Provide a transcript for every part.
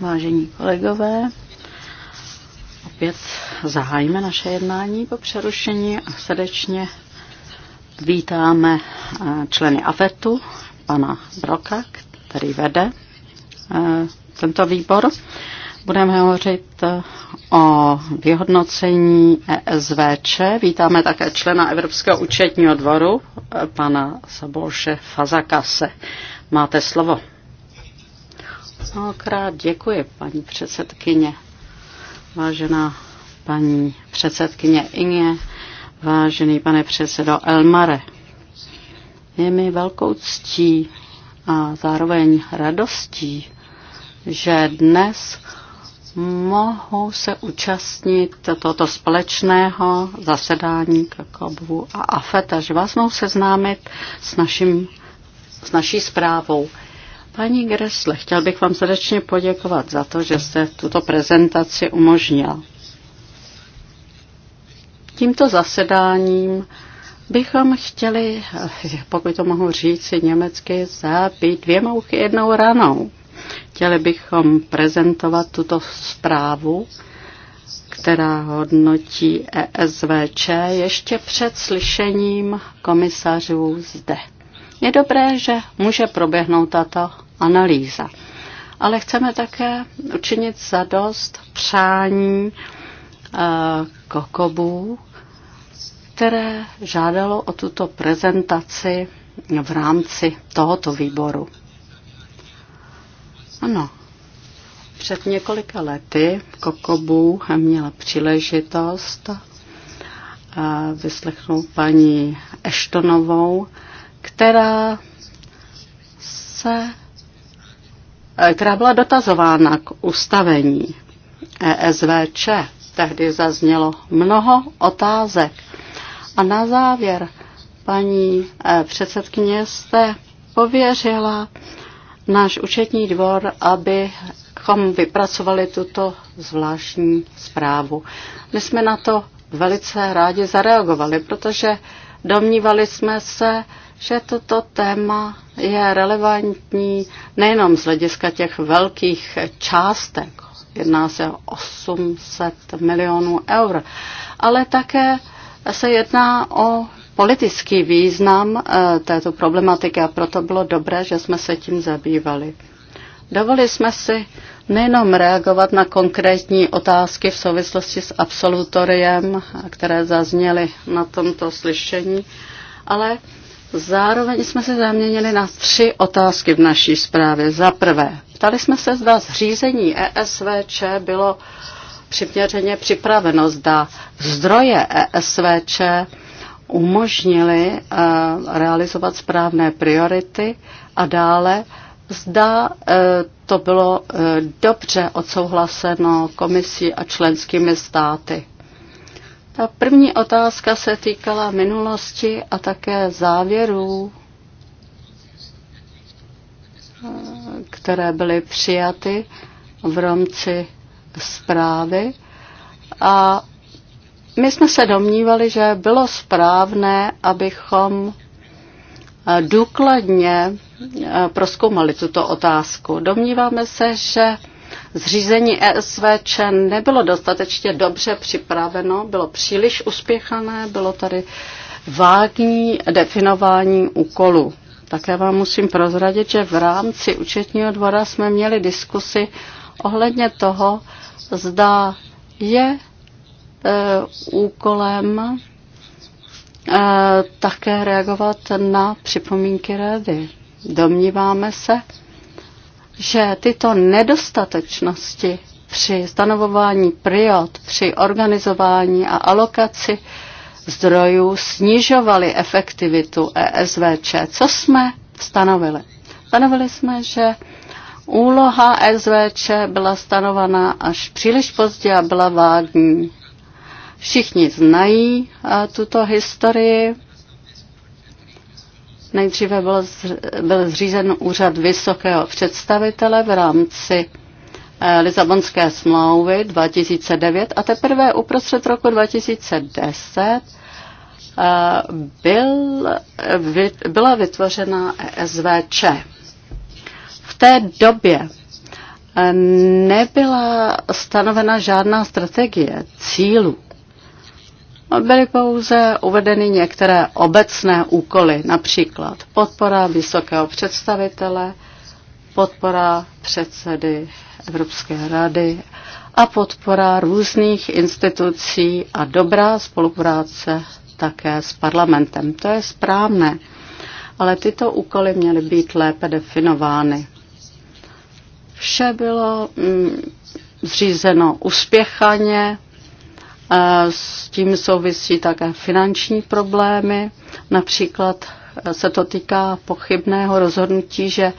Vážení kolegové, opět zahájíme naše jednání po přerušení a srdečně vítáme eh, členy AFETu, pana Broka, který vede eh, tento výbor. Budeme hovořit eh, o vyhodnocení ESVČ. Vítáme také člena Evropského účetního dvoru, pana Sabolše Fazakase. Máte slovo mnohokrát děkuji, paní předsedkyně. Vážená paní předsedkyně Inge, vážený pane předsedo Elmare. Je mi velkou ctí a zároveň radostí, že dnes mohu se účastnit tohoto společného zasedání Kakobu a Afeta, že vás mohu seznámit s, naším, s naší zprávou. Paní Gresle, chtěl bych vám srdečně poděkovat za to, že jste tuto prezentaci umožnil. Tímto zasedáním bychom chtěli, pokud to mohu říct německy, zabít dvě mouchy jednou ranou. Chtěli bychom prezentovat tuto zprávu, která hodnotí ESVČ ještě před slyšením komisařů zde. Je dobré, že může proběhnout tato analýza. Ale chceme také učinit zadost přání eh, kokobů, které žádalo o tuto prezentaci v rámci tohoto výboru. Ano, před několika lety Kokobů měla příležitost eh, vyslechnout paní Eštonovou, která se eh, která byla dotazována k ustavení ESVČ. Tehdy zaznělo mnoho otázek. A na závěr paní eh, předsedkyně jste pověřila náš účetní dvor, abychom vypracovali tuto zvláštní zprávu. My jsme na to velice rádi zareagovali, protože domnívali jsme se, že toto téma je relevantní nejenom z hlediska těch velkých částek, jedná se o 800 milionů eur, ale také se jedná o politický význam eh, této problematiky a proto bylo dobré, že jsme se tím zabývali. Dovolili jsme si nejenom reagovat na konkrétní otázky v souvislosti s absolutoriem, které zazněly na tomto slyšení, ale Zároveň jsme se zaměnili na tři otázky v naší zprávě. Za prvé, ptali jsme se, zda zřízení ESVČ bylo přiměřeně připraveno, zda zdroje ESVČ umožnili eh, realizovat správné priority a dále, zda eh, to bylo eh, dobře odsouhlaseno komisí a členskými státy. Ta první otázka se týkala minulosti a také závěrů, které byly přijaty v rámci zprávy. A my jsme se domnívali, že bylo správné, abychom důkladně eh, proskoumali tuto otázku. Domníváme se, že Zřízení ESVČ nebylo dostatečně dobře připraveno, bylo příliš uspěchané, bylo tady vágní definování úkolů. Také vám musím prozradit, že v rámci účetního dvora jsme měli diskusy ohledně toho, zda je e, úkolem e, také reagovat na připomínky rady. Domníváme se, že tyto nedostatečnosti při stanovování priot, při organizování a alokaci zdrojů snižovaly efektivitu ESVČ. Co jsme stanovili? Stanovili jsme, že úloha ESVČ byla stanovaná až příliš pozdě a byla vágní. Všichni znají eh, tuto historii, Nejdříve byl, byl zřízen úřad vysokého představitele v rámci eh, Lisabonské smlouvy 2009 a teprve uprostřed roku 2010 eh, byl, byla vytvořena e SVČ. V té době eh, nebyla stanovena žádná strategie cílů byly pouze uvedeny některé obecné úkoly, například podpora vysokého představitele, podpora předsedy Evropské rady a podpora různých institucí a dobrá spolupráce také s parlamentem. To je správné, ale tyto úkoly měly být lépe definovány. Vše bylo mm, zřízeno uspěchaně, s tím souvisí také finanční problémy. Například eh, se to týká pochybného rozhodnutí, že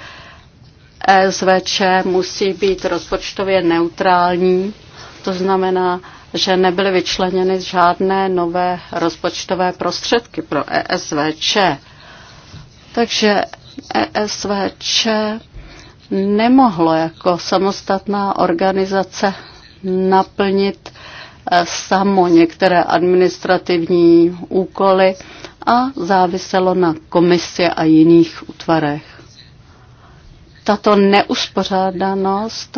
ESVČ musí být rozpočtově neutrální. To znamená, že nebyly vyčleněny žádné nové rozpočtové prostředky pro ESVČ. Takže ESVČ nemohlo jako samostatná organizace naplnit samo některé administrativní úkoly a záviselo na komisi a jiných útvarech. Tato neuspořádanost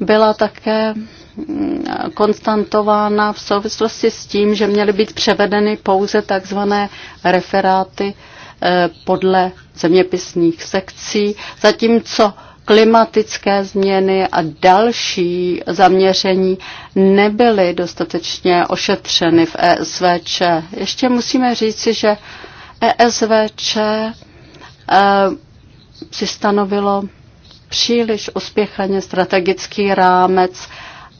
byla také mm, konstantována v souvislosti s tím, že měly být převedeny pouze takzvané referáty eh, podle zeměpisných sekcí, zatímco klimatické změny a další zaměření nebyly dostatečně ošetřeny v ESVČ. Ještě musíme říci, že ESVČ eh, si stanovilo příliš uspěchaně strategický rámec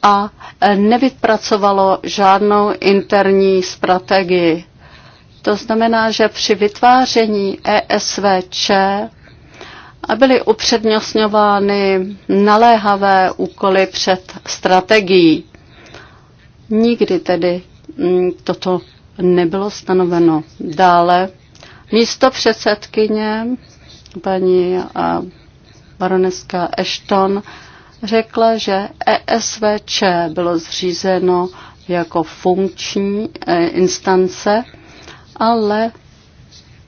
a eh, nevypracovalo žádnou interní strategii. To znamená, že při vytváření ESVČ a byly upřednostňovány naléhavé úkoly před strategií. Nikdy tedy mm, toto nebylo stanoveno. Dále místo předsedkyně paní baroneska Ashton řekla, že ESVČ bylo zřízeno jako funkční e, instance, ale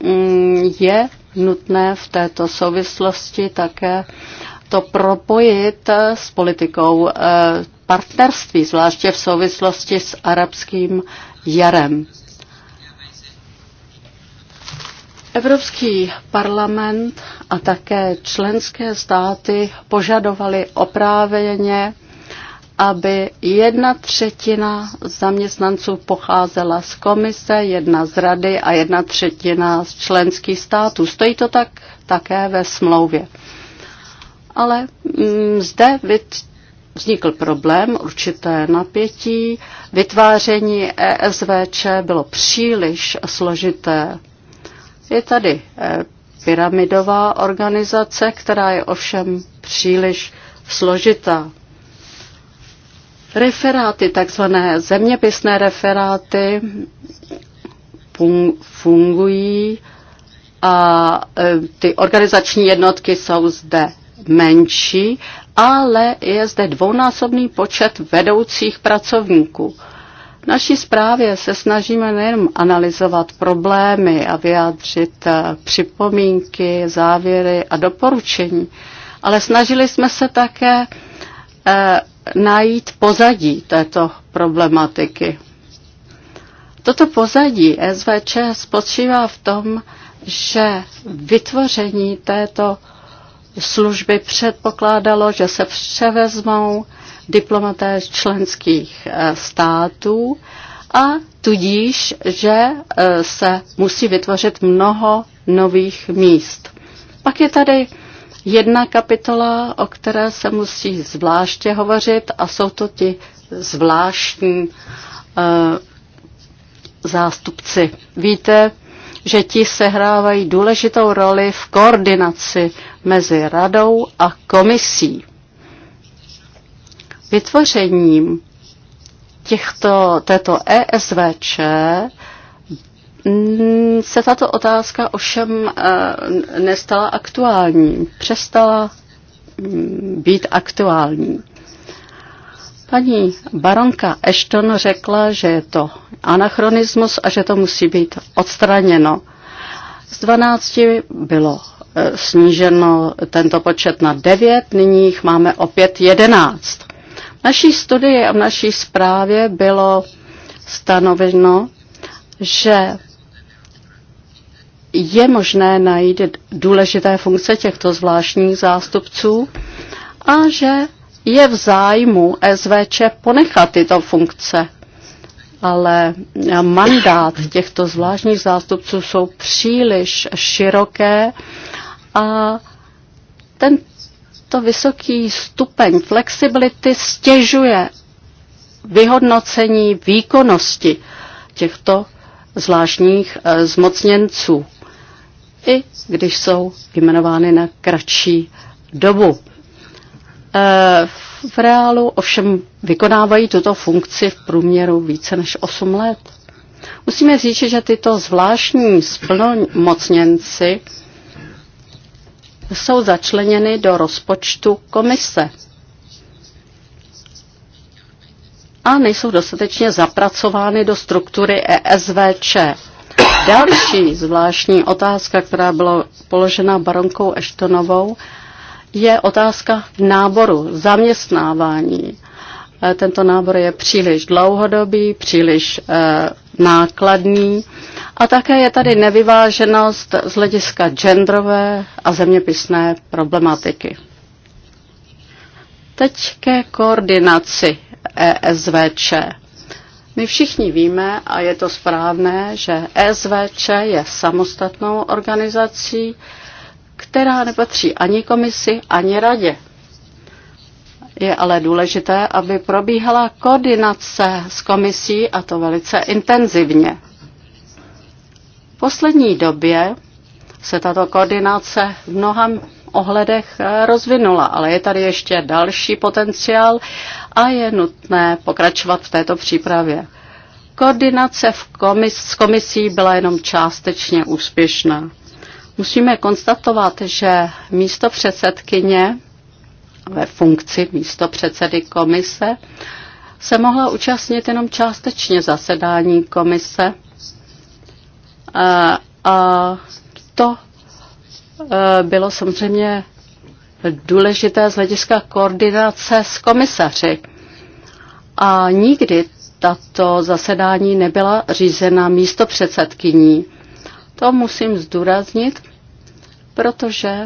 Mm, je nutné v této souvislosti také to propojit eh, s politikou eh, partnerství, zvláště v souvislosti s arabským jarem. Evropský parlament a také členské státy požadovali oprávěně aby jedna třetina zaměstnanců pocházela z komise, jedna z rady a jedna třetina z členských států. Stojí to tak také ve smlouvě. Ale mm, zde vznikl problém, určité napětí. Vytváření ESVČ bylo příliš složité. Je tady eh, pyramidová organizace, která je ovšem příliš složitá. Referáty, takzvané zeměpisné referáty, fungují a e, ty organizační jednotky jsou zde menší, ale je zde dvounásobný počet vedoucích pracovníků. V naší zprávě se snažíme nejen analyzovat problémy a vyjádřit e, připomínky, závěry a doporučení, ale snažili jsme se také e, najít pozadí této problematiky. Toto pozadí SVČ spočívá v tom, že vytvoření této služby předpokládalo, že se převezmou diplomaté členských eh, států a tudíž, že eh, se musí vytvořit mnoho nových míst. Pak je tady jedna kapitola, o které se musí zvláště hovořit a jsou to ti zvláštní eh, zástupci. Víte, že ti sehrávají důležitou roli v koordinaci mezi radou a komisí. Vytvořením těchto, této ESVČ se tato otázka ovšem eh, nestala aktuální, přestala mm, být aktuální. Paní baronka Ashton řekla, že je to anachronismus a že to musí být odstraněno. Z 12 bylo eh, sníženo tento počet na 9, nyní jich máme opět 11. V naší studii a v naší zprávě bylo stanoveno, že je možné najít důležité funkce těchto zvláštních zástupců a že je v zájmu SVČ ponechat tyto funkce. Ale mandát těchto zvláštních zástupců jsou příliš široké a tento vysoký stupeň flexibility stěžuje vyhodnocení výkonnosti těchto zvláštních eh, zmocněnců i když jsou jmenovány na kratší dobu. Eh, v reálu ovšem vykonávají tuto funkci v průměru více než 8 let. Musíme říct, že tyto zvláštní splnomocněnci jsou začleněny do rozpočtu komise a nejsou dostatečně zapracovány do struktury ESVČ. Další zvláštní otázka, která byla položena baronkou Eštonovou, je otázka náboru, zaměstnávání. E, tento nábor je příliš dlouhodobý, příliš e, nákladný a také je tady nevyváženost z hlediska genderové a zeměpisné problematiky. Teď ke koordinaci ESVČ. My všichni víme, a je to správné, že SVČ je samostatnou organizací, která nepatří ani komisi, ani radě. Je ale důležité, aby probíhala koordinace s komisí a to velice intenzivně. V poslední době se tato koordinace v mnoha ohledech eh, rozvinula, ale je tady ještě další potenciál a je nutné pokračovat v této přípravě. Koordinace v komis- s komisí byla jenom částečně úspěšná. Musíme konstatovat, že místo předsedkyně ve funkci místo předsedy komise se mohla účastnit jenom částečně zasedání komise a, eh, a to Eh, bylo samozřejmě důležité z hlediska koordinace s komisaři. A nikdy tato zasedání nebyla řízena místo předsedkyní. To musím zdůraznit, protože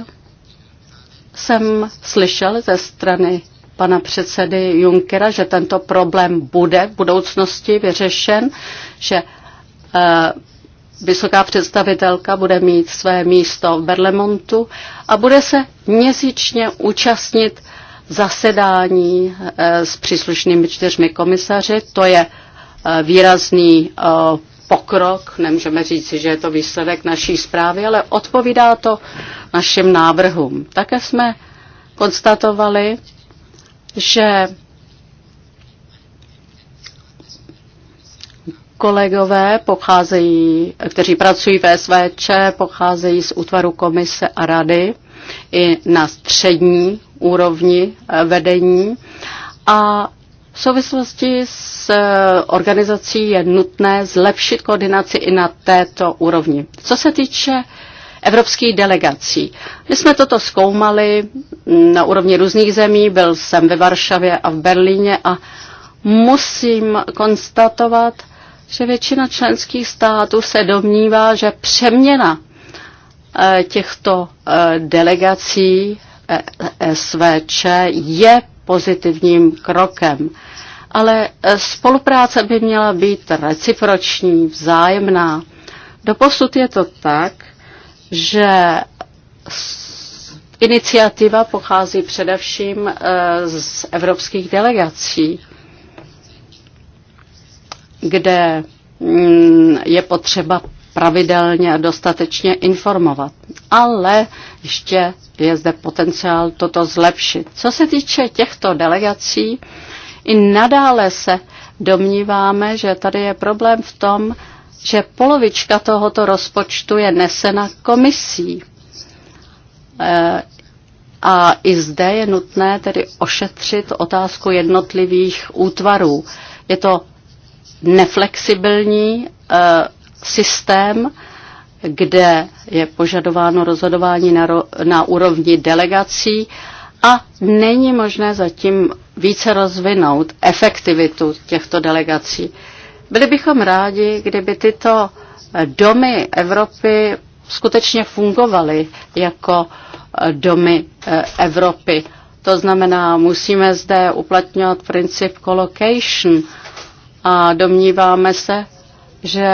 jsem slyšel ze strany pana předsedy Junkera, že tento problém bude v budoucnosti vyřešen, že eh, vysoká představitelka bude mít své místo v Berlemontu a bude se měsíčně účastnit zasedání eh, s příslušnými čtyřmi komisaři. To je eh, výrazný eh, pokrok, nemůžeme říci, že je to výsledek naší zprávy, ale odpovídá to našim návrhům. Také jsme konstatovali, že kolegové pocházejí, kteří pracují ve SVČ, pocházejí z útvaru komise a rady i na střední úrovni eh, vedení. A v souvislosti s eh, organizací je nutné zlepšit koordinaci i na této úrovni. Co se týče evropských delegací. My jsme toto zkoumali na úrovni různých zemí, byl jsem ve Varšavě a v Berlíně a musím konstatovat, že většina členských států se domnívá, že přeměna eh, těchto eh, delegací eh, SVČ je pozitivním krokem. Ale spolupráce by měla být reciproční, vzájemná. Doposud je to tak, že iniciativa pochází především z evropských delegací kde mm, je potřeba pravidelně a dostatečně informovat. Ale ještě je zde potenciál toto zlepšit. Co se týče těchto delegací, i nadále se domníváme, že tady je problém v tom, že polovička tohoto rozpočtu je nesena komisí. E, a i zde je nutné tedy ošetřit otázku jednotlivých útvarů. Je to neflexibilní eh, systém, kde je požadováno rozhodování na, ro, na úrovni delegací a není možné zatím více rozvinout efektivitu těchto delegací. Byli bychom rádi, kdyby tyto eh, domy Evropy skutečně fungovaly jako eh, domy Evropy. To znamená, musíme zde uplatňovat princip collocation a domníváme se, že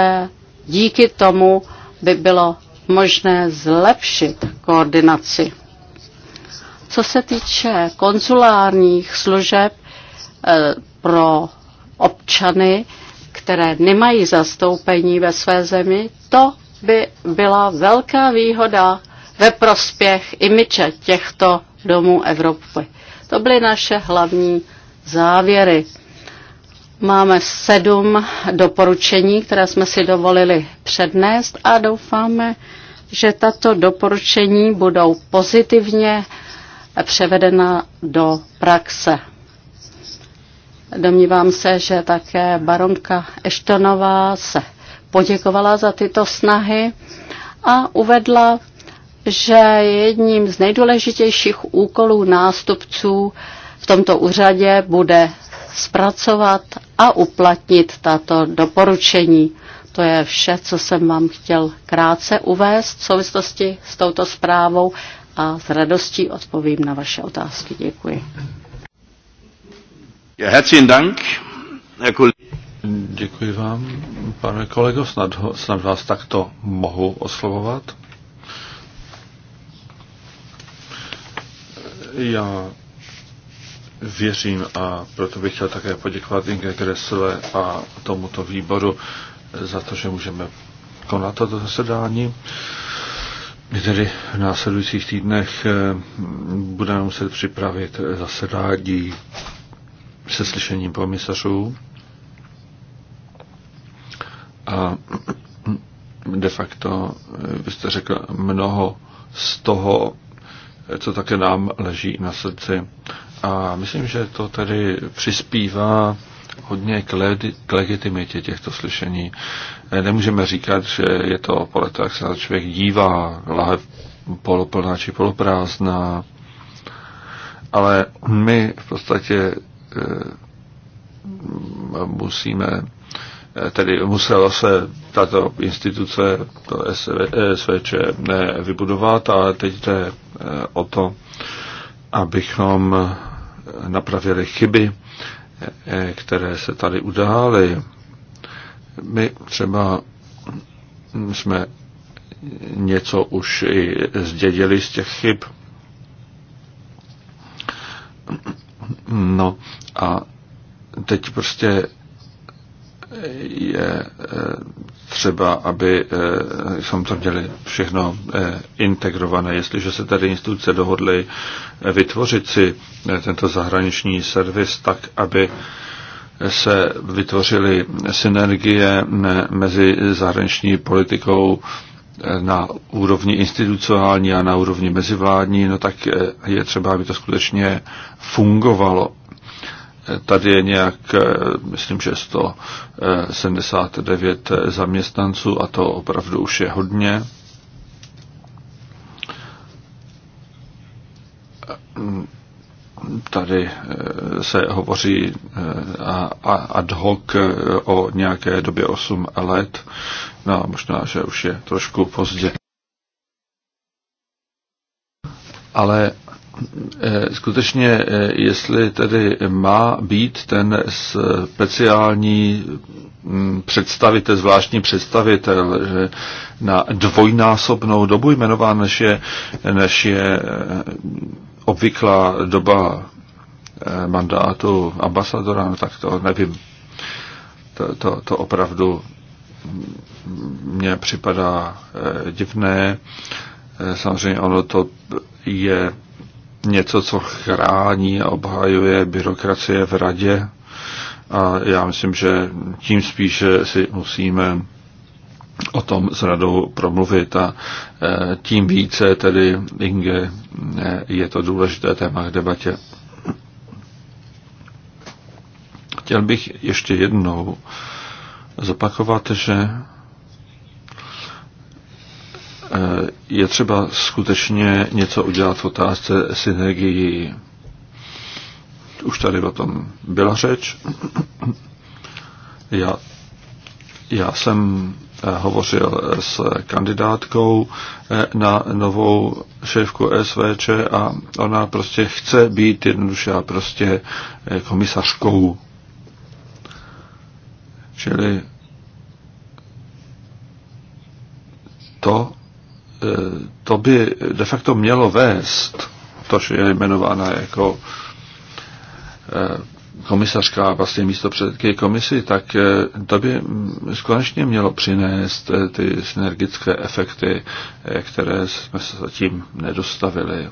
díky tomu by bylo možné zlepšit koordinaci. Co se týče konzulárních služeb eh, pro občany, které nemají zastoupení ve své zemi, to by byla velká výhoda ve prospěch imiče těchto domů Evropy. To byly naše hlavní závěry. Máme sedm doporučení, které jsme si dovolili přednést a doufáme, že tato doporučení budou pozitivně převedena do praxe. Domnívám se, že také baronka Eštonová se poděkovala za tyto snahy a uvedla, že jedním z nejdůležitějších úkolů nástupců v tomto úřadě bude zpracovat a uplatnit tato doporučení. To je vše, co jsem vám chtěl krátce uvést v souvislosti s touto zprávou a s radostí odpovím na vaše otázky. Děkuji. Ja, herzlichen Dank, Herr Děkuji vám, pane kolego, snad, ho, snad vás takto mohu oslovovat. Já věřím a proto bych chtěl také poděkovat Inge Gressle a tomuto výboru za to, že můžeme konat toto zasedání. My tedy v následujících týdnech eh, budeme muset připravit zasedání se slyšením komisařů a de facto eh, vy jste řekl mnoho z toho, eh, co také nám leží na srdci. A myslím, že to tedy přispívá hodně k, le- k legitimitě těchto slyšení. E, nemůžeme říkat, že je to podle toho, jak se na člověk dívá, lahev poloplná či poloprázdná, ale my v podstatě e, musíme, e, tedy musela se tato instituce, to SVČ, e vybudovat, ale teď jde e, o to, abychom napravili chyby, eh, které se tady udály. My třeba jsme něco už i zdědili z těch chyb. No a teď prostě je eh, třeba, aby jsme eh, to měli všechno eh, integrované. Jestliže se tady instituce dohodly vytvořit si tento zahraniční servis tak, aby se vytvořily synergie mezi zahraniční politikou na úrovni institucionální a na úrovni mezivládní, no tak je třeba, aby to skutečně fungovalo. Tady je nějak, eh, myslím, že 179 eh, eh, zaměstnanců a to opravdu už je hodně. Tady se hovoří ad hoc o nějaké době 8 let. No, možná, že už je trošku pozdě. Ale Eh, skutečně, eh, jestli tedy má být ten speciální mm, představitel, zvláštní představitel, že na dvojnásobnou dobu jmenován, než je, než je eh, obvyklá doba mandátu ambasadora, no tak to nevím. To, to, to opravdu mně připadá divné. Samozřejmě ono to je něco, co chrání a obhajuje byrokracie v radě. A já myslím, že tím spíše si musíme o tom s radou promluvit a e, tím více tedy Inge e, je to důležité téma k debatě. Chtěl bych ještě jednou zopakovat, že Eh, je třeba skutečně něco udělat v otázce synergii. Už tady o tom byla řeč. Já, já jsem eh, hovořil s kandidátkou eh, na novou šéfku SVČ a ona prostě chce být jednoduše a prostě komisařkou. Čili to, Eh, to by de facto mělo vést, to, že je jmenována jako eh, komisařka a vlastně místo předky komisy, tak eh, to by mm, skutečně mělo přinést ty synergické efekty, které jsme se zatím nedostavili.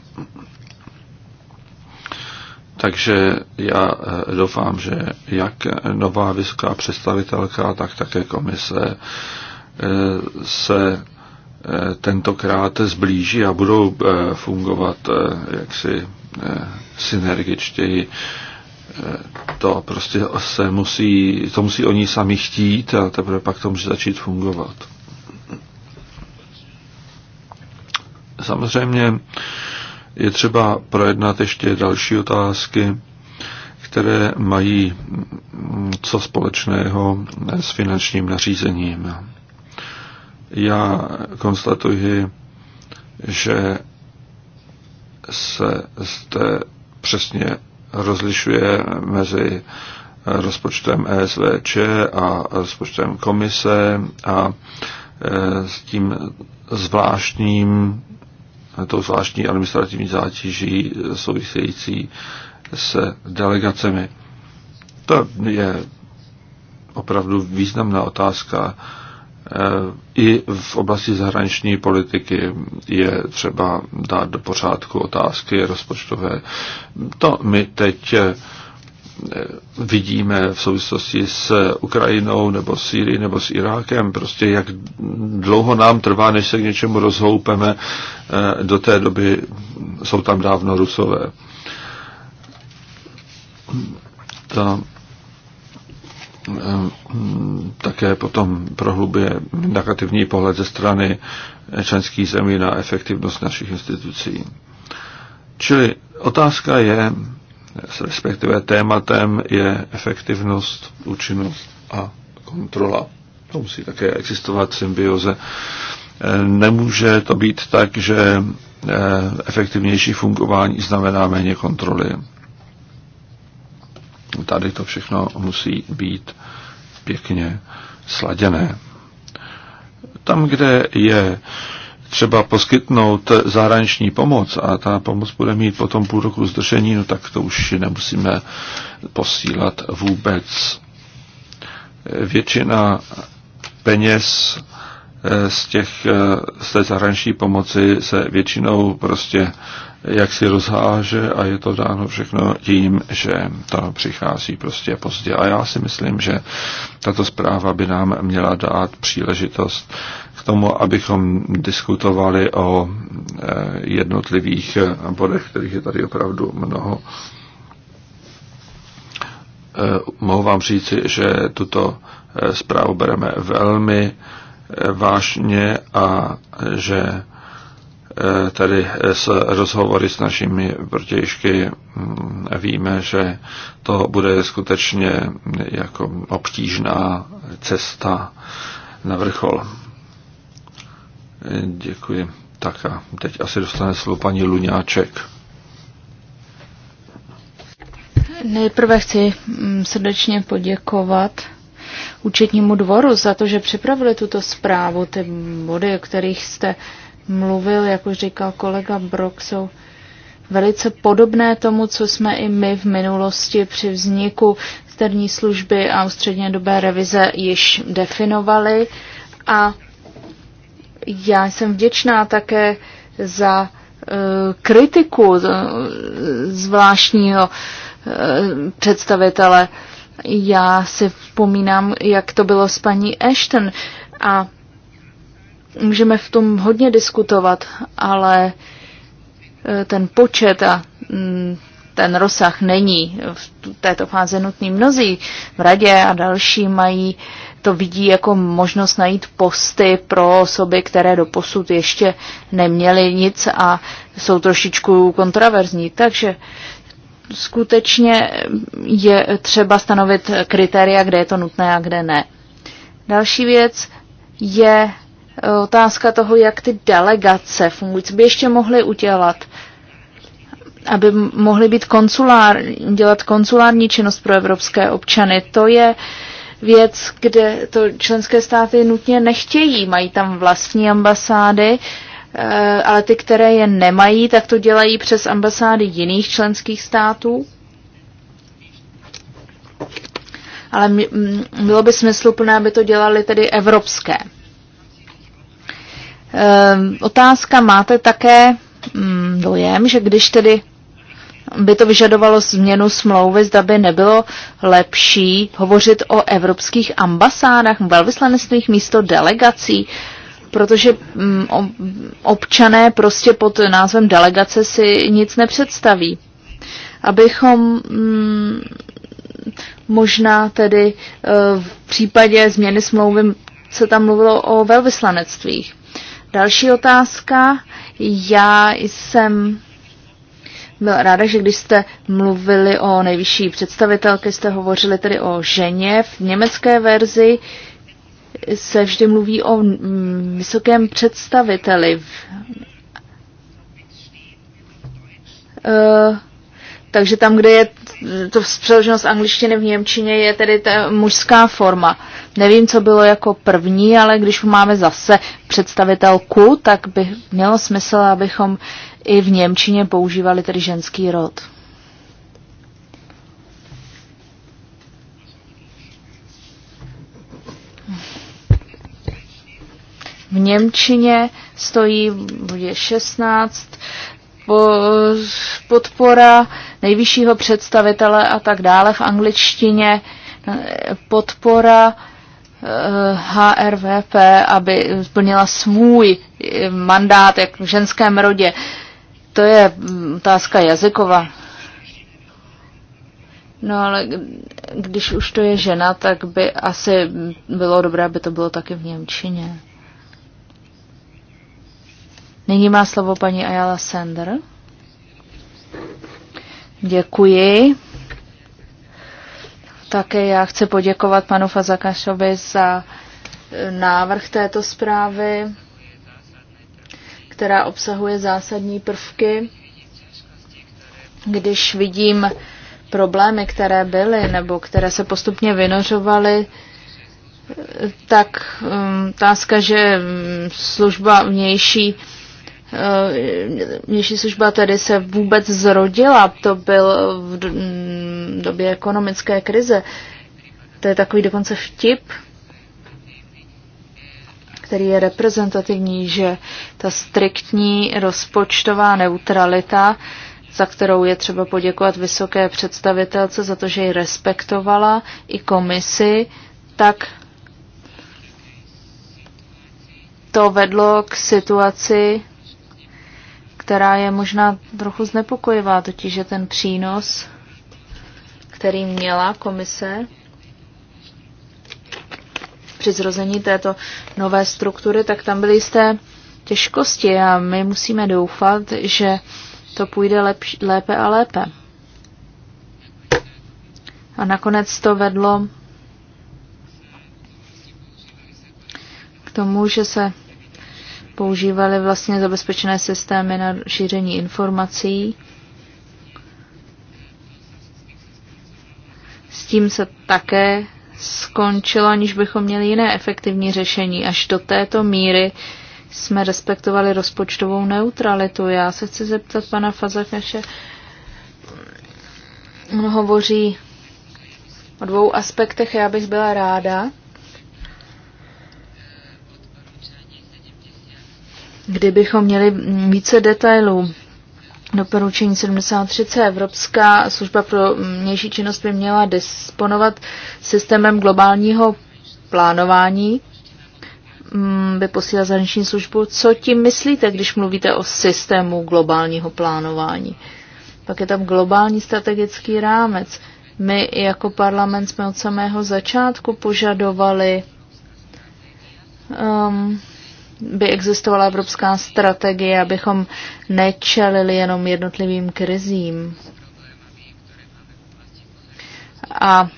Takže já doufám, že jak nová vysoká představitelka, tak také komise se Eh, tentokrát zblíží a budou eh, fungovat eh, jaksi synergičtěji. To prostě se musí, to musí oni sami chtít a teprve pak to může začít fungovat. Samozřejmě je třeba projednat ještě další otázky, které mají mm, co společného s finančním nařízením. Já konstatuji, že se zde přesně rozlišuje mezi rozpočtem ESVČ a rozpočtem komise a e, s tím zvláštním, tou zvláštní administrativní zátěží související se delegacemi. To je opravdu významná otázka i v oblasti zahraniční politiky je třeba dát do pořádku otázky rozpočtové. To my teď eh, vidíme v souvislosti s Ukrajinou nebo s Syrií nebo s Irákem, prostě jak dlouho nám trvá, než se k něčemu rozhoupeme, eh, do té doby jsou tam dávno rusové. To Eh, také potom prohlubuje negativní pohled ze strany členských zemí na efektivnost našich institucí. Čili otázka je, respektive tématem je efektivnost, účinnost a kontrola. To musí také existovat symbioze. Eh, nemůže to být tak, že eh, efektivnější fungování znamená méně kontroly tady to všechno musí být pěkně sladěné. Tam, kde je třeba poskytnout zahraniční pomoc a ta pomoc bude mít potom půl roku zdržení, no tak to už nemusíme posílat vůbec. Většina peněz eh, z, těch, eh, z té zahraniční pomoci se většinou prostě jak si rozháže a je to dáno všechno tím, že to přichází prostě pozdě. A já si myslím, že tato zpráva by nám měla dát příležitost k tomu, abychom diskutovali o eh, jednotlivých bodech, kterých je tady opravdu mnoho. Eh, mohu vám říci, že tuto eh, zprávu bereme velmi vážně a že Eh, tady eh, s rozhovory s našimi protějšky mm, víme, že to bude skutečně jako obtížná cesta na vrchol. Eh, děkuji. Tak a teď asi dostane slovo paní Luňáček. Nejprve chci mm, srdečně poděkovat účetnímu dvoru za to, že připravili tuto zprávu, ty body, o kterých jste uh, mluvil, jak už říkal kolega Brock, jsou velice podobné tomu, co jsme i my v minulosti při vzniku externí služby a dobé revize již definovali. A já jsem vděčná také za e, kritiku e, zvláštního e, představitele. Já si vzpomínám, jak to bylo s paní Ashton a Můžeme v tom hodně diskutovat, ale e, ten počet a mm, ten rozsah není v této fáze nutný. Mnozí v radě a další mají to vidí jako možnost najít posty pro osoby, které do posud ještě neměly nic a jsou trošičku kontroverzní. Takže skutečně je třeba stanovit kritéria, kde je to nutné a kde ne. Další věc je otázka toho, jak ty delegace co by ještě mohly udělat, aby mohly být konsulár, dělat konsulární činnost pro evropské občany. To je věc, kde to členské státy nutně nechtějí. Mají tam vlastní ambasády, eh, ale ty, které je nemají, tak to dělají přes ambasády jiných členských států. Ale bylo by smysluplné, aby to dělali tedy evropské Ehm, otázka, máte také mm, dojem, že když tedy by to vyžadovalo změnu smlouvy, zda by nebylo lepší hovořit o evropských ambasádách, velvyslanectvích místo delegací, protože mm, občané prostě pod názvem delegace si nic nepředstaví. Abychom mm, možná tedy eh, v případě změny smlouvy se tam mluvilo o velvyslanectvích. Další otázka. Já jsem byla ráda, že když jste mluvili o nejvyšší představitelky, jste hovořili tedy o ženě. V německé verzi se vždy mluví o vysokém představiteli. Eh, takže tam, kde je to přeloženo z angličtiny v Němčině je tedy ta mužská forma. Nevím, co bylo jako první, ale když máme zase představitelku, tak by mělo smysl, abychom i v Němčině používali tedy ženský rod. v Němčině stojí bude 16 podpora nejvyššího představitele a tak dále v angličtině, podpora HRVP, eh, aby splnila svůj eh, mandát jak v ženském rodě. To je mm, otázka jazyková. No ale když už to je žena, tak by asi bylo dobré, aby to bylo taky v Němčině. Nyní má slovo paní Ayala Sender. Děkuji. Také já chci poděkovat panu Fazakašovi za eh, návrh této zprávy, která obsahuje zásadní prvky. Když vidím problémy, které byly nebo které se postupně vynořovaly, eh, tak um, mm, tázka, že mm, služba vnější Eh, vnější služba tedy se vůbec zrodila, to byl v době ekonomické krize. To je takový dokonce vtip, který je reprezentativní, že ta striktní rozpočtová neutralita, za kterou je třeba poděkovat vysoké představitelce za to, že ji respektovala i komisi, tak to vedlo k situaci, která je možná trochu znepokojivá, totiž že ten přínos, který měla komise při zrození této nové struktury, tak tam byly jisté těžkosti a my musíme doufat, že to půjde lep, lépe a lépe. A nakonec to vedlo k tomu, že se používali vlastně zabezpečené systémy na šíření informací. S tím se také skončilo, aniž bychom měli jiné efektivní řešení. Až do této míry jsme respektovali rozpočtovou neutralitu. Já se chci zeptat pana Fazakaše, on hovoří o dvou aspektech, já bych byla ráda, Kdybychom měli více detailů, doporučení 73C Evropská služba pro mější činnost by měla disponovat systémem globálního plánování, mm, by posílala zahraniční službu. Co tím myslíte, když mluvíte o systému globálního plánování? Pak je tam globální strategický rámec. My jako parlament jsme od samého začátku požadovali um, by existovala evropská strategie, abychom nečelili jenom jednotlivým krizím. A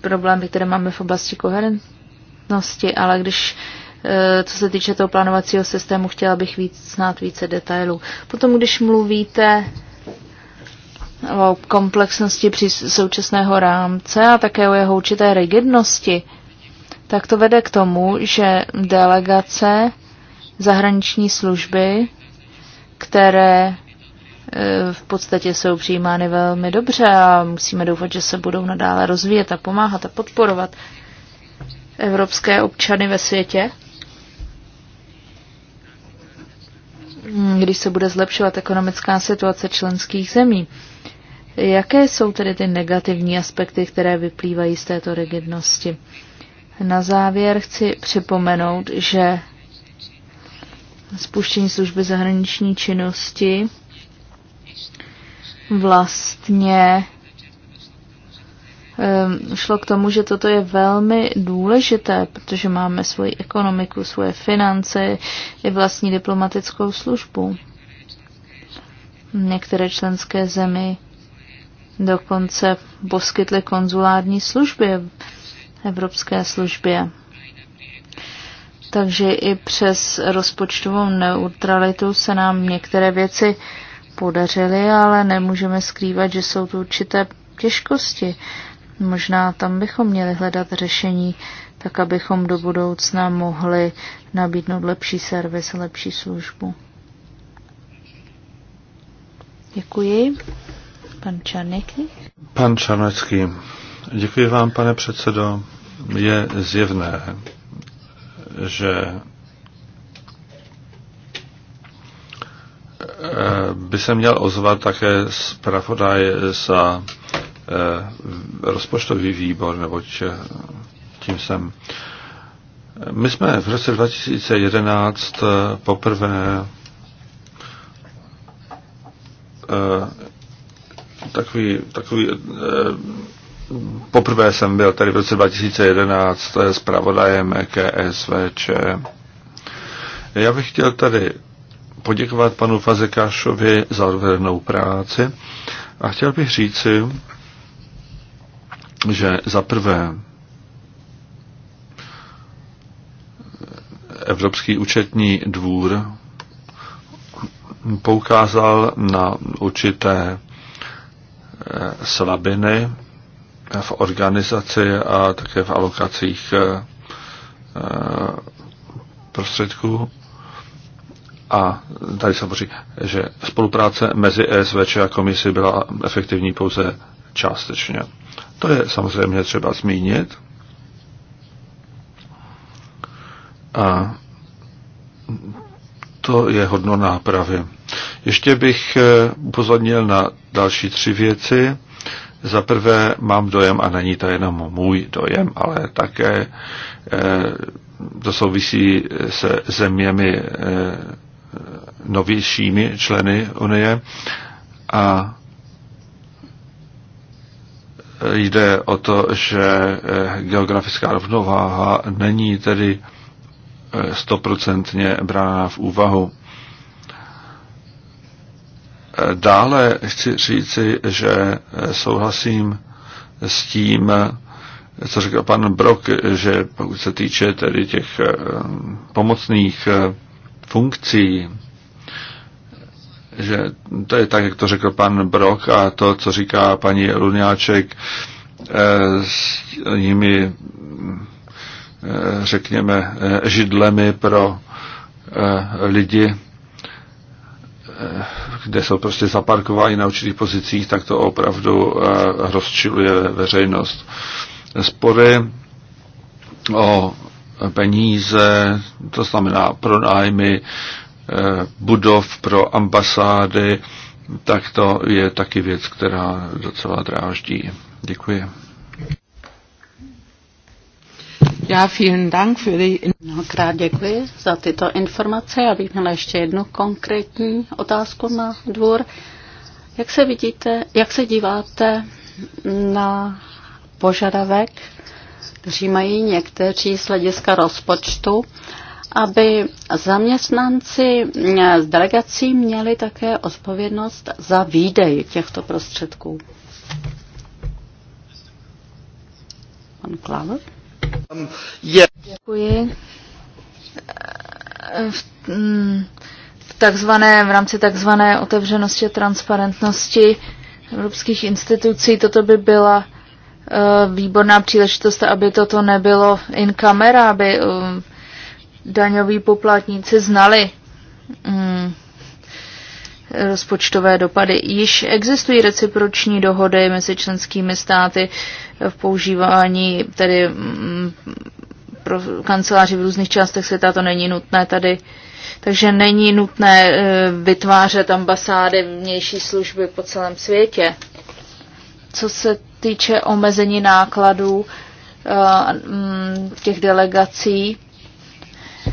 problémy, které máme v oblasti koherentnosti, ale když eh, co se týče toho plánovacího systému, chtěla bych víc, znát více detailů. Potom, když mluvíte o komplexnosti při současného rámce a také o jeho určité rigidnosti, tak to vede k tomu, že delegace zahraniční služby, které e, v podstatě jsou přijímány velmi dobře a musíme doufat, že se budou nadále rozvíjet a pomáhat a podporovat evropské občany ve světě. Když se bude zlepšovat ekonomická situace členských zemí. Jaké jsou tedy ty negativní aspekty, které vyplývají z této rigidnosti? Na závěr chci připomenout, že spuštění služby zahraniční činnosti vlastně ehm, šlo k tomu, že toto je velmi důležité, protože máme svoji ekonomiku, svoje finance i vlastní diplomatickou službu. Některé členské zemi dokonce poskytly konzulární služby Evropské službě. Takže i přes rozpočtovou neutralitu se nám některé věci podařily, ale nemůžeme skrývat, že jsou tu určité těžkosti. Možná tam bychom měli hledat řešení, tak abychom do budoucna mohli nabídnout lepší servis, lepší službu. Děkuji. Pan Čarnecký. Pan Čarnecký. Děkuji vám, pane předsedo je zjevné, že eh, by se měl ozvat také zpravodaj za eh, rozpočtový výbor, neboť eh, tím jsem. My jsme v roce 2011 poprvé takový, takový poprvé jsem byl tady v roce 2011 zpravodajem KSVČ. Já bych chtěl tady poděkovat panu Fazekášovi za odvedenou práci a chtěl bych říci, že za prvé Evropský účetní dvůr poukázal na určité eh, slabiny v organizaci a také v alokacích eh, eh, prostředků. A tady samozřejmě, že spolupráce mezi ESVČ a komisí byla efektivní pouze částečně. To je samozřejmě třeba zmínit. A to je hodno nápravy. Ještě bych eh, upozornil na další tři věci. Za prvé mám dojem, a není to jenom můj dojem, ale také eh, to souvisí se zeměmi eh, novějšími členy Unie a jde o to, že eh, geografická rovnováha není tedy stoprocentně brána v úvahu. Dále chci říci, že souhlasím s tím, co řekl pan Brok, že pokud se týče tedy těch eh, pomocných eh, funkcí, že to je tak, jak to řekl pan Brok a to, co říká paní Luniáček, eh, s nimi, řekněme, židlemi pro lidi, Eh, kde jsou prostě zaparkováni na určitých pozicích, tak to opravdu eh, rozčiluje veřejnost. Spory o peníze, to znamená pronájmy eh, budov pro ambasády, tak to je taky věc, která docela dráždí. Děkuji. Já vielen Dank für die... Mnohokrát děkuji za tyto informace. Já bych měla ještě jednu konkrétní otázku na dvůr. Jak se vidíte, jak se díváte na požadavek, který mají někteří z hlediska rozpočtu, aby zaměstnanci z delegací měli také odpovědnost za výdej těchto prostředků? Pan Klaver? Děkuji. Eh, v, mm, v, takzvané, v rámci takzvané otevřenosti a transparentnosti evropských institucí toto by byla eh, výborná příležitost, aby toto nebylo in camera, aby eh, daňoví poplatníci znali mm, rozpočtové dopady. Již existují reciproční dohody mezi členskými státy v používání tedy mm, pro kanceláři v různých částech světa, to není nutné tady. Takže není nutné e, vytvářet ambasády vnější služby po celém světě. Co se týče omezení nákladů e, těch delegací,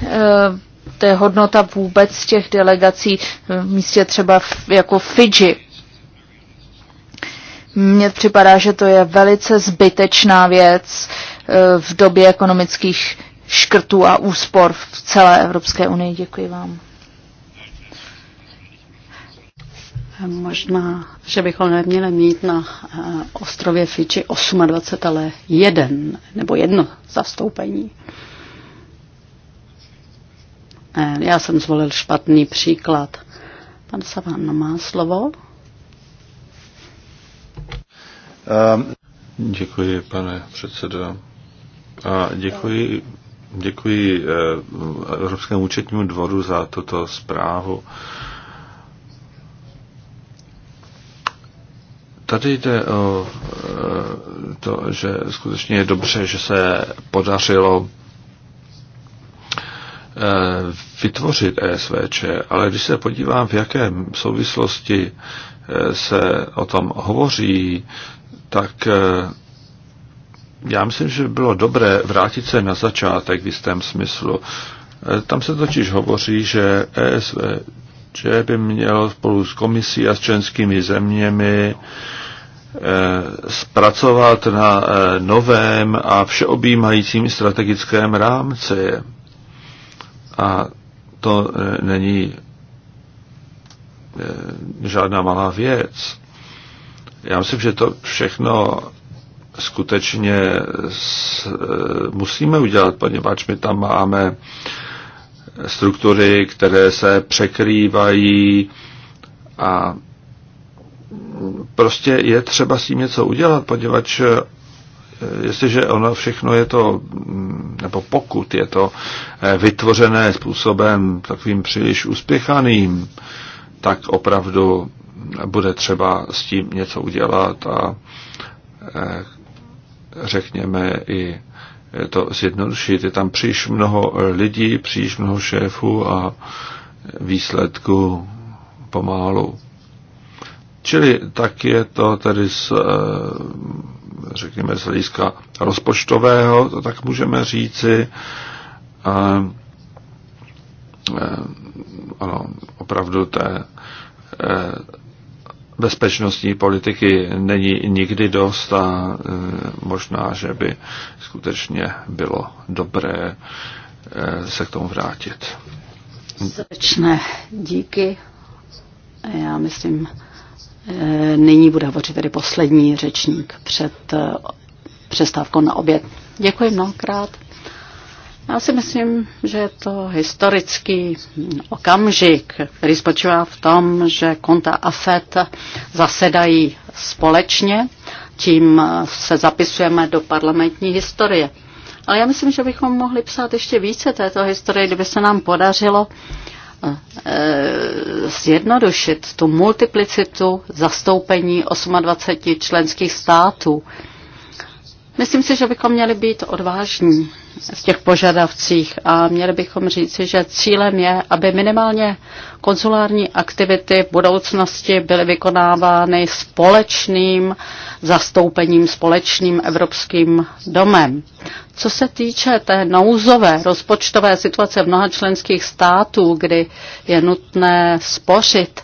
e, to je hodnota vůbec těch delegací eh, v místě třeba jako Fidži. Mně připadá, že to je velice zbytečná věc eh, v době ekonomických škrtů a úspor v celé Evropské unii. Děkuji vám. Eh, možná, že bychom neměli mít na ostrově Fidži 28, ale jeden nebo jedno zastoupení. Já jsem zvolil špatný příklad. Pan Savan má slovo. Um, děkuji, pane předsedo. A děkuji, děkuji eh, Evropskému účetnímu dvoru za tuto zprávu. Tady jde o eh, to, že skutečně je dobře, že se podařilo Eh, vytvořit ESVČ, ale když se podívám, v jaké souvislosti eh, se o tom hovoří, tak eh, já myslím, že by bylo dobré vrátit se na začátek v jistém smyslu. Tam se totiž hovoří, že ESVČ by mělo spolu s komisí a s členskými zeměmi zpracovat na novém a všeobjímajícím strategickém rámci a to e, není e, žádná malá věc. Já myslím, že to všechno skutečně s, e, musíme udělat, poněvadž my tam máme struktury, které se překrývají a prostě je třeba s tím něco udělat, poněvadž jestliže ono všechno je to, nebo pokud je to eh, vytvořené způsobem takovým příliš uspěchaným, tak opravdu bude třeba s tím něco udělat a eh, řekněme i to zjednodušit. Je tam příliš mnoho lidí, příliš mnoho šéfů a výsledku pomalu. Čili tak je to tedy z, eh, řekněme, z hlediska rozpočtového, to tak můžeme říci. Eh, ano, opravdu té eh, bezpečnostní politiky není nikdy dost a možná, že by skutečně bylo dobré se k tomu vrátit. Srdečné díky. Já myslím, Eh, nyní bude hovořit tedy poslední řečník před eh, přestávkou na oběd. Děkuji mnohokrát. Já si myslím, že je to historický okamžik, který spočívá v tom, že konta a FED zasedají společně, tím eh, se zapisujeme do parlamentní historie. Ale já myslím, že bychom mohli psát ještě více této historie, kdyby se nám podařilo uh, Eh, zjednodušit tu multiplicitu zastoupení 28 členských států. Myslím si, že bychom měli být odvážní v těch požadavcích a měli bychom říci, že cílem je, aby minimálně konzulární aktivity v budoucnosti byly vykonávány společným zastoupením, společným evropským domem. Co se týče té nouzové rozpočtové situace v mnoha členských států, kdy je nutné spořit,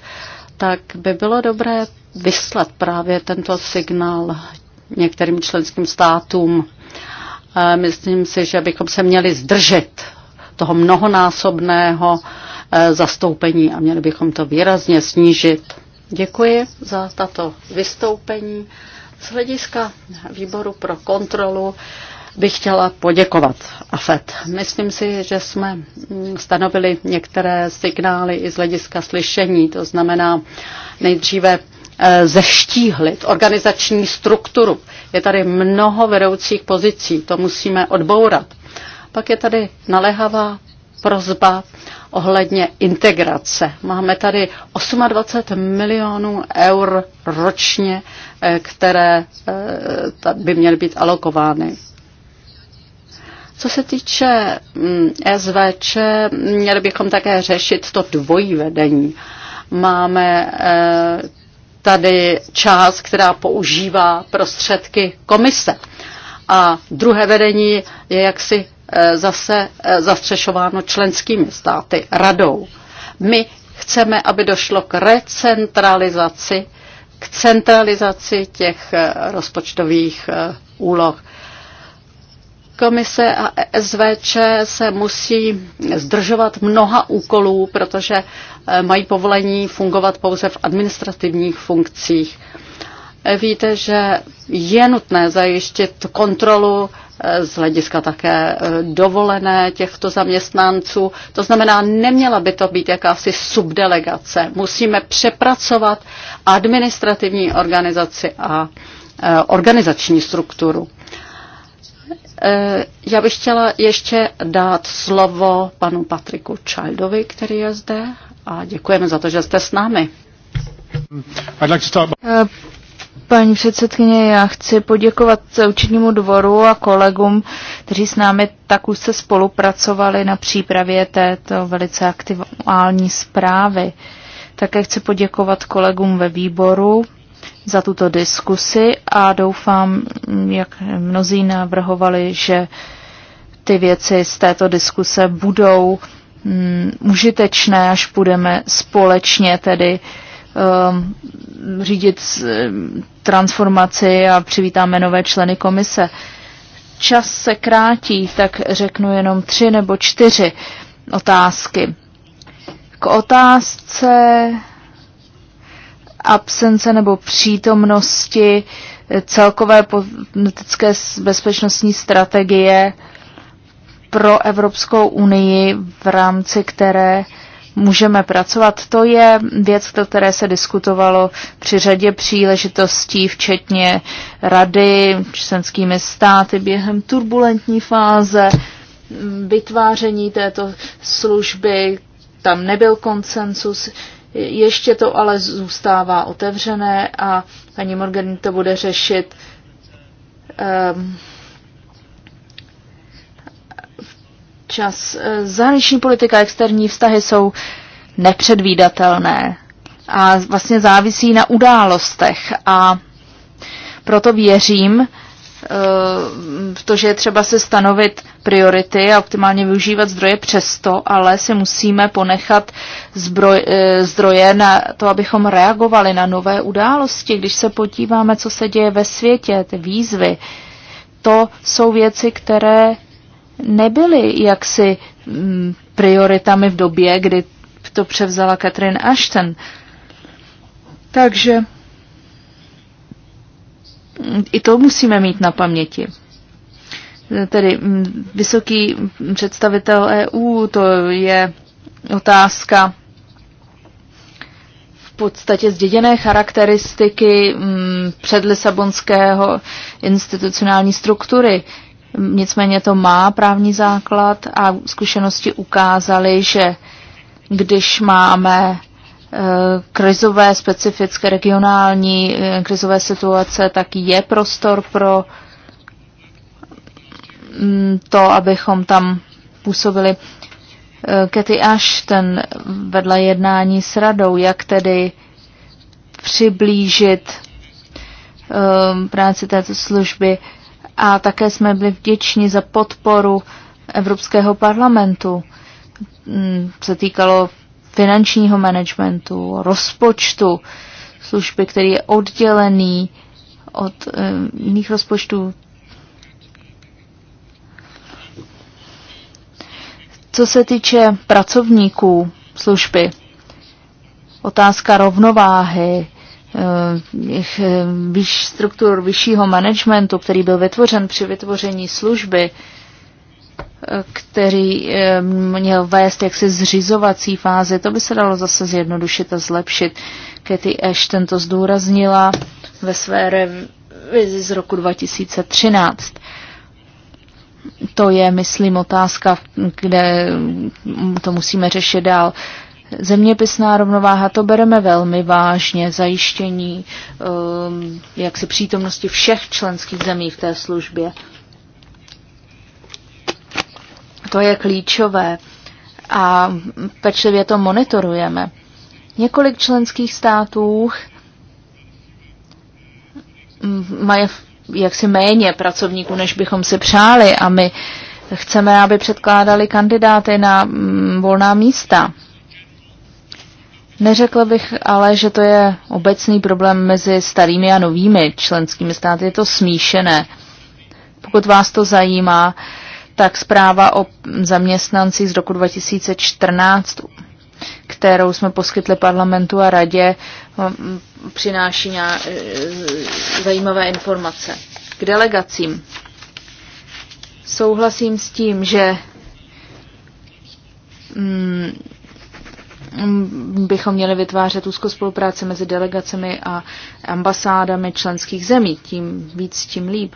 tak by bylo dobré vyslat právě tento signál některým členským státům a myslím si, že bychom se měli zdržet toho mnohonásobného eh, zastoupení a měli bychom to výrazně snížit. Děkuji za tato vystoupení. Z hlediska výboru pro kontrolu bych chtěla poděkovat AFET. Myslím si, že jsme mm, stanovili některé signály i z hlediska slyšení, to znamená nejdříve Eh, zeštíhlit organizační strukturu. Je tady mnoho vedoucích pozicí, to musíme odbourat. Pak je tady naléhavá prozba ohledně integrace. Máme tady 28 milionů eur ročně, eh, které eh, by měly být alokovány. Co se týče mm, SVČ, měli bychom také řešit to dvojí vedení. Máme tady část, která používá prostředky komise. A druhé vedení je jaksi eh, zase eh, zastřešováno členskými státy, radou. My chceme, aby došlo k recentralizaci, k centralizaci těch eh, rozpočtových úloh. Komise a SVČ se musí zdržovat mnoha úkolů, protože eh, mají povolení fungovat pouze v administrativních funkcích. Eh, víte, že je nutné zajištit kontrolu eh, z hlediska také dovolené těchto zaměstnanců. To znamená, neměla by to být jakási subdelegace. Musíme přepracovat administrativní organizaci a organizační strukturu. Eh, já bych chtěla ještě dát slovo panu Patriku Childovi, který je zde a děkujeme za to, že jste s námi. Eh, paní předsedkyně, já chci poděkovat Učitnímu dvoru a kolegům, kteří s námi tak už se spolupracovali na přípravě této velice aktuální zprávy. Také chci poděkovat kolegům ve výboru, za tuto diskusi a doufám, jak mnozí navrhovali, že ty věci z této diskuse budou mm, užitečné, až budeme společně tedy um, řídit eh, transformaci a přivítáme nové členy komise. Čas se krátí, tak řeknu jenom tři nebo čtyři otázky. K otázce absence nebo přítomnosti eh, celkové politické bezpečnostní strategie pro Evropskou unii, v rámci které můžeme pracovat. To je věc, o které se diskutovalo při řadě příležitostí, včetně rady členskými státy během turbulentní fáze vytváření této služby. Tam nebyl konsensus. Ještě to ale zůstává otevřené a paní Morgan to bude řešit um, čas. Eh, zahraniční politika a externí vztahy jsou nepředvídatelné a vlastně závisí na událostech a proto věřím, v eh, to, že je třeba se stanovit priority a optimálně využívat zdroje přesto, ale si musíme ponechat zbroj, eh, zdroje na to, abychom reagovali na nové události. Když se podíváme, co se děje ve světě, ty výzvy, to jsou věci, které nebyly jaksi mm, prioritami v době, kdy to převzala Catherine Ashton. Takže i to musíme mít na paměti. Tedy mm, vysoký představitel EU, to je otázka v podstatě zděděné charakteristiky mm, předlisabonského institucionální struktury. Nicméně to má právní základ a zkušenosti ukázaly, že když máme Eh, krizové, specifické regionální eh, krizové situace, tak je prostor pro mm, to, abychom tam působili. Kety eh, ten vedla jednání s radou, jak tedy přiblížit ehm, práci této služby a také jsme byli vděční za podporu Evropského parlamentu. Mm, se týkalo finančního managementu, rozpočtu služby, který je oddělený od eh, jiných rozpočtů. Co se týče pracovníků služby, otázka rovnováhy, eh, jejich eh, výš, struktur vyššího managementu, který byl vytvořen při vytvoření služby, který měl vést jaksi zřizovací fázi. To by se dalo zase zjednodušit a zlepšit. Katy Ashton to zdůraznila ve své revizi z roku 2013. To je, myslím, otázka, kde to musíme řešit dál. Zeměpisná rovnováha, to bereme velmi vážně, zajištění um, jaksi přítomnosti všech členských zemí v té službě. To je klíčové a pečlivě to monitorujeme. Několik členských států mají jaksi méně pracovníků, než bychom si přáli a my chceme, aby předkládali kandidáty na mm, volná místa. Neřekla bych ale, že to je obecný problém mezi starými a novými členskými státy. Je to smíšené. Pokud vás to zajímá, tak zpráva o zaměstnancích z roku 2014, kterou jsme poskytli parlamentu a radě, přináší e, zajímavé informace. K delegacím. Souhlasím s tím, že mm, bychom měli vytvářet úzkou spolupráci mezi delegacemi a ambasádami členských zemí, tím víc, tím líp.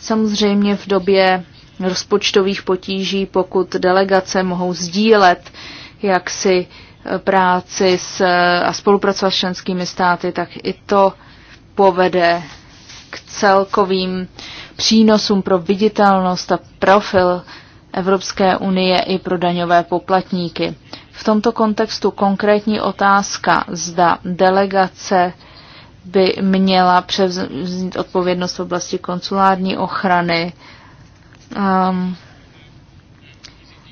Samozřejmě v době rozpočtových potíží, pokud delegace mohou sdílet jak si eh, práci s, eh, a spolupracovat s členskými státy, tak i to povede k celkovým přínosům pro viditelnost a profil Evropské unie i pro daňové poplatníky. V tomto kontextu konkrétní otázka, zda delegace by měla převzít odpovědnost v oblasti konsulární ochrany, um,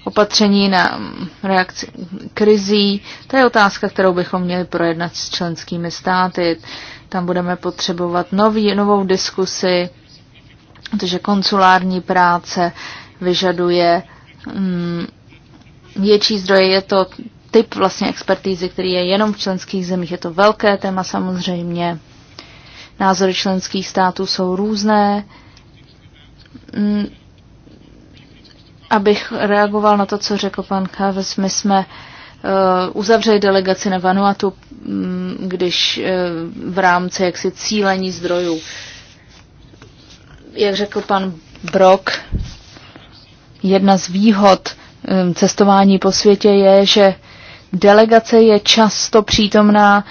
opatření na mm, reakci krizí. To je otázka, kterou bychom měli projednat s členskými státy. Tam budeme potřebovat nový, novou diskusi, protože konsulární práce vyžaduje um, větší zdroje. Je to typ vlastně expertízy, který je jenom v členských zemích. Je to velké téma samozřejmě. Názory členských států jsou různé. Um, abych reagoval na to, co řekl pan Káves, my jsme eh, uzavřeli delegaci na Vanuatu, mm, když eh, v rámci jaksi cílení zdrojů. Jak řekl pan Brok, jedna z výhod eh, cestování po světě je, že delegace je často přítomná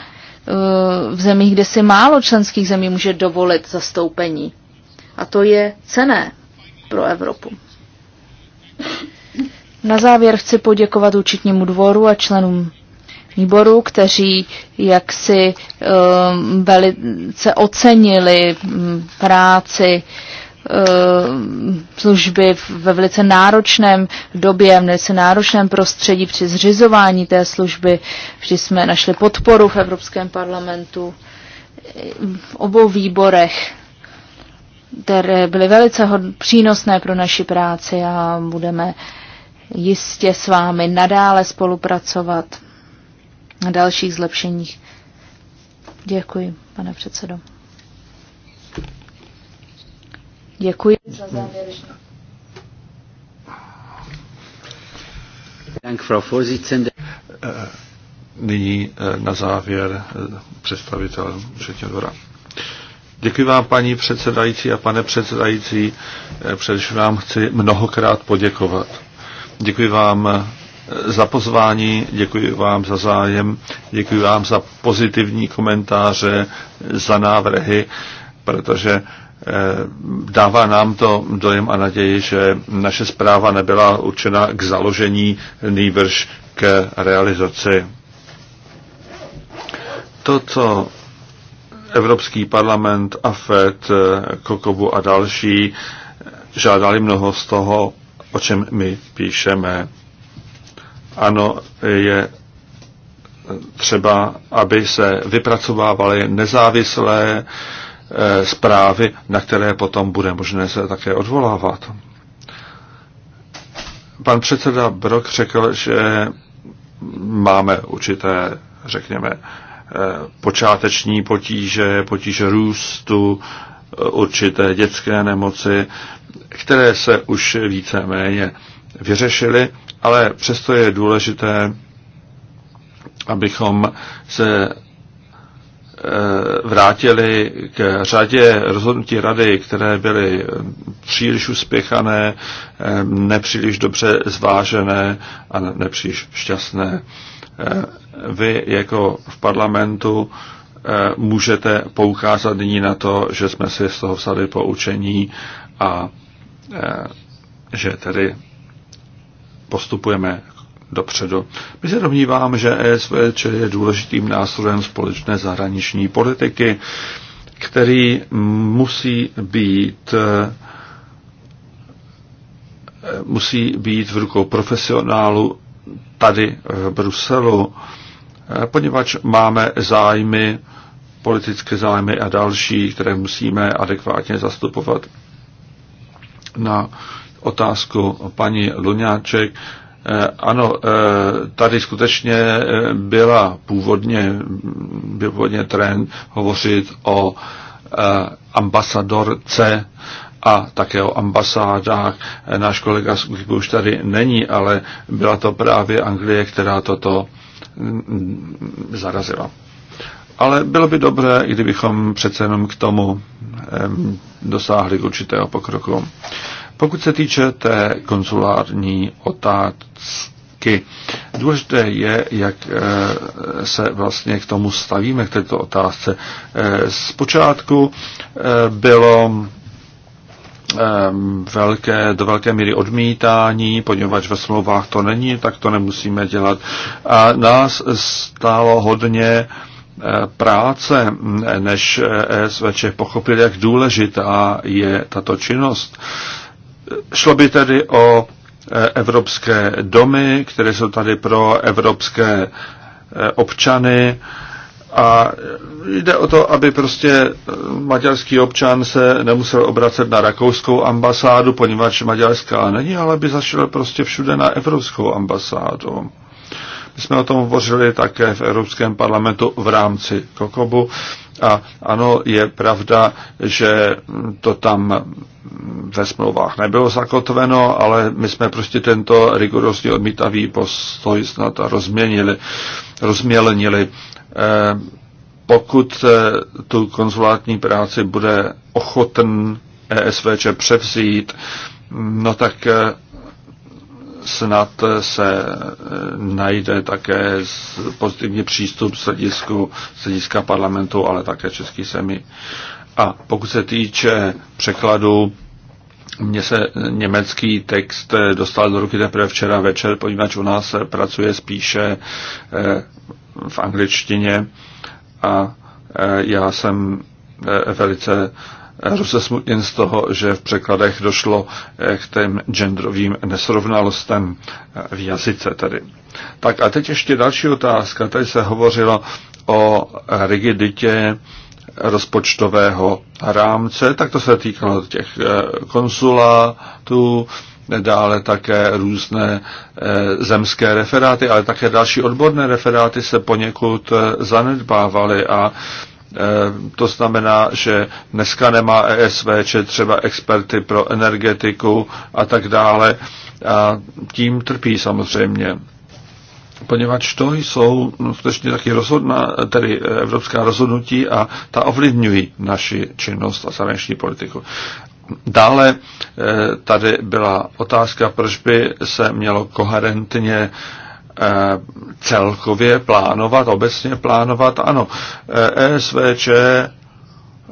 v zemích, kde si málo členských zemí může dovolit zastoupení. A to je cené pro Evropu. Na závěr chci poděkovat účetnímu dvoru a členům výboru, kteří jaksi uh, velice ocenili mm, práci um, služby ve velice náročném době, v velice náročném prostředí při zřizování té služby. Vždy jsme našli podporu v Evropském parlamentu v obou výborech které byly velice přínosné pro naši práci a budeme jistě s vámi nadále spolupracovat na dalších zlepšeních. Děkuji, pane předsedo. Děkuji za závěrečné. Nyní eh, na závěr eh, představitel Všetního dvora. Děkuji vám, paní předsedající a pane předsedající. Eh, především vám chci mnohokrát poděkovat. Děkuji vám eh, za pozvání, děkuji vám za zájem, děkuji vám za pozitivní komentáře, za návrhy, protože eh, dává nám to dojem a naději, že naše zpráva nebyla určena k založení, nýbrž k realizaci. To, co Evropský parlament, AFET, eh, Kokobu a další žádali mnoho z toho, o čem my píšeme. Ano, je eh, třeba, aby se vypracovávaly nezávislé eh, zprávy, na které potom bude možné se také odvolávat. Pan předseda Brok řekl, že máme určité, řekněme, Eh, počáteční potíže, potíže růstu, eh, určité dětské nemoci, které se už víceméně vyřešily, ale přesto je důležité, abychom se eh, vrátili k řadě rozhodnutí rady, které byly příliš uspěchané, nepříliš dobře zvážené a nepříliš šťastné vy jako v parlamentu eh, můžete poukázat nyní na to, že jsme si z toho vzali poučení a eh, že tedy postupujeme dopředu. My se domnívám, že ESV je důležitým nástrojem společné zahraniční politiky, který musí být eh, musí být v rukou profesionálu tady v Bruselu. Eh, poněvadž máme zájmy, politické zájmy a další, které musíme adekvátně zastupovat. Na otázku paní Luňáček, eh, ano, eh, tady skutečně byla původně, byl původně trend hovořit o ambasadorce a také o ambasádách. Náš kolega už tady není, ale byla to právě Anglie, která toto zarazila. Ale bylo by dobré, kdybychom přece jenom k tomu dosáhli určitého pokroku. Pokud se týče té konsulární otázky, důležité je, jak eh, se vlastně k tomu stavíme, k této otázce. Eh, zpočátku eh, bylo Ehm, velké, do velké míry odmítání, poněvadž ve smlouvách to není, tak to nemusíme dělat. A nás stálo hodně eh, práce, než eh, SVČ pochopil, jak důležitá je tato činnost. Šlo by tedy o eh, evropské domy, které jsou tady pro evropské občany, a jde o to, aby prostě eh, maďarský občan se nemusel obracet na rakouskou ambasádu, poněvadž maďarská není, ale by zašel prostě všude na evropskou ambasádu. My jsme o tom hovořili také v Evropském parlamentu v rámci Kokobu. A ano, je pravda, že to tam ve smlouvách nebylo zakotveno, ale my jsme prostě tento rigorózně odmítavý postoj snad rozměnili, rozmělnili. Eh, pokud eh, tu konzulátní práci bude ochoten ESVČ převzít, no tak eh, snad se najde také pozitivní přístup z, hlediska, z hlediska parlamentu, ale také český semi. A pokud se týče překladu, mně se německý text dostal do ruky teprve včera večer, poněvadž u nás pracuje spíše v angličtině a e, já jsem e, velice rozesmutněn z toho, že v překladech došlo e, k těm genderovým nesrovnalostem v jazyce tedy. Tak a teď ještě další otázka. Tady se hovořilo o rigiditě rozpočtového rámce, tak to se týkalo těch konsulátů, dále také různé eh, zemské referáty, ale také další odborné referáty se poněkud eh, zanedbávaly a eh, to znamená, že dneska nemá ESVČ třeba experty pro energetiku a tak dále a tím trpí samozřejmě. Poněvadž to jsou skutečně taky rozhodná, tedy evropská rozhodnutí a ta ovlivňují naši činnost a zahraniční politiku. Dále eh, tady byla otázka, proč by se mělo koherentně eh, celkově plánovat, obecně plánovat. Ano, ESVČ eh,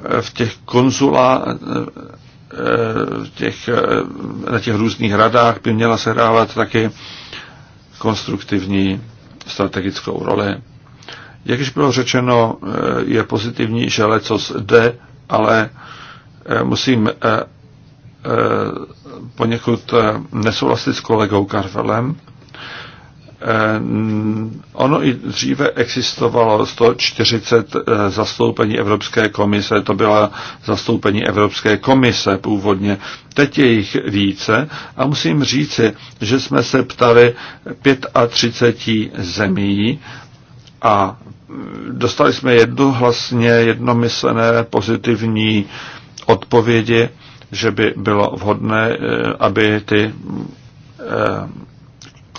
e v těch konzulá, v těch, na těch různých radách by měla sehrávat taky konstruktivní strategickou roli. Jak již bylo řečeno, je pozitivní, že leco zde, ale Eh, musím eh, eh, poněkud nesouhlasit s kolegou Karvelem. Ono i dříve existovalo 140 zastoupení Evropské komise, to byla zastoupení Evropské komise původně. Teď je jich více a musím říci, že jsme se ptali 35 zemí a dostali jsme jednohlasně, jednomyslené pozitivní eh, odpovědi, že by bylo vhodné, eh, aby ty eh,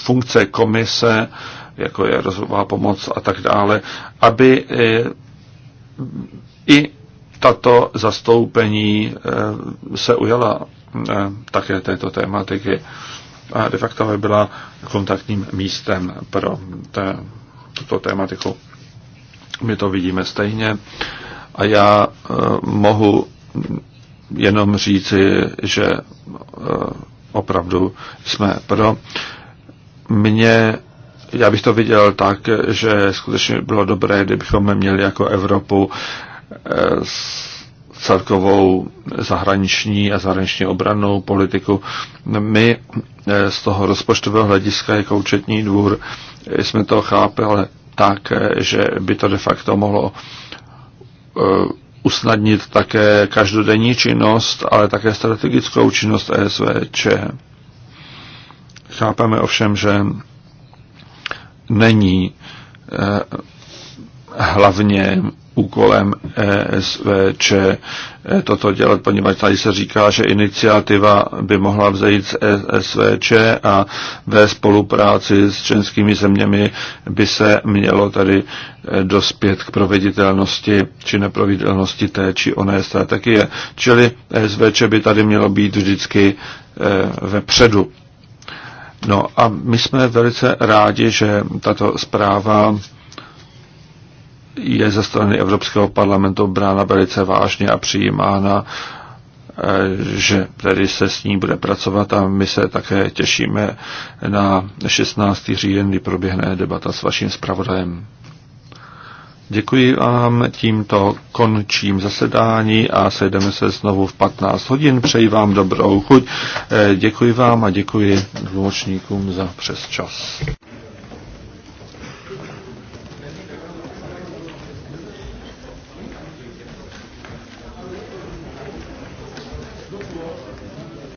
funkce komise, jako je rozhodová pomoc a tak dále, aby eh, i tato zastoupení se ujala také této tématiky a de facto by byla kontaktním místem pro tuto tématiku. My to vidíme stejně a já mohu jenom říci, že eh, opravdu jsme pro. Mě, já bych to viděl tak, že skutečně bylo dobré, kdybychom měli jako Evropu eh, celkovou zahraniční a zahraničně obranou politiku. My eh, z toho rozpočtového hlediska jako účetní dvůr jsme to chápali tak, že by to de facto mohlo usnadnit také každodenní činnost, ale také strategickou činnost ESVČ. Chápeme ovšem, že není eh, hlavně úkolem eh, SVČ eh, toto dělat, poněvadž tady se říká, že iniciativa by mohla vzejít z eh, SVČ a ve spolupráci s členskými zeměmi by se mělo tady dospět k proveditelnosti či neproveditelnosti té či oné strategie. Čili SVČ by tady mělo být vždycky vepředu. No a my jsme velice rádi, že tato zpráva je ze strany Evropského parlamentu brána velice vážně a přijímána, e, že tedy se s ní bude pracovat a my se také těšíme na 16. říjen, kdy proběhne debata s vaším zpravodajem. Děkuji vám, tímto končím zasedání a sejdeme se znovu v 15 hodin. Přeji vám dobrou chuť. E, děkuji vám a děkuji tlumočníkům za přes čas.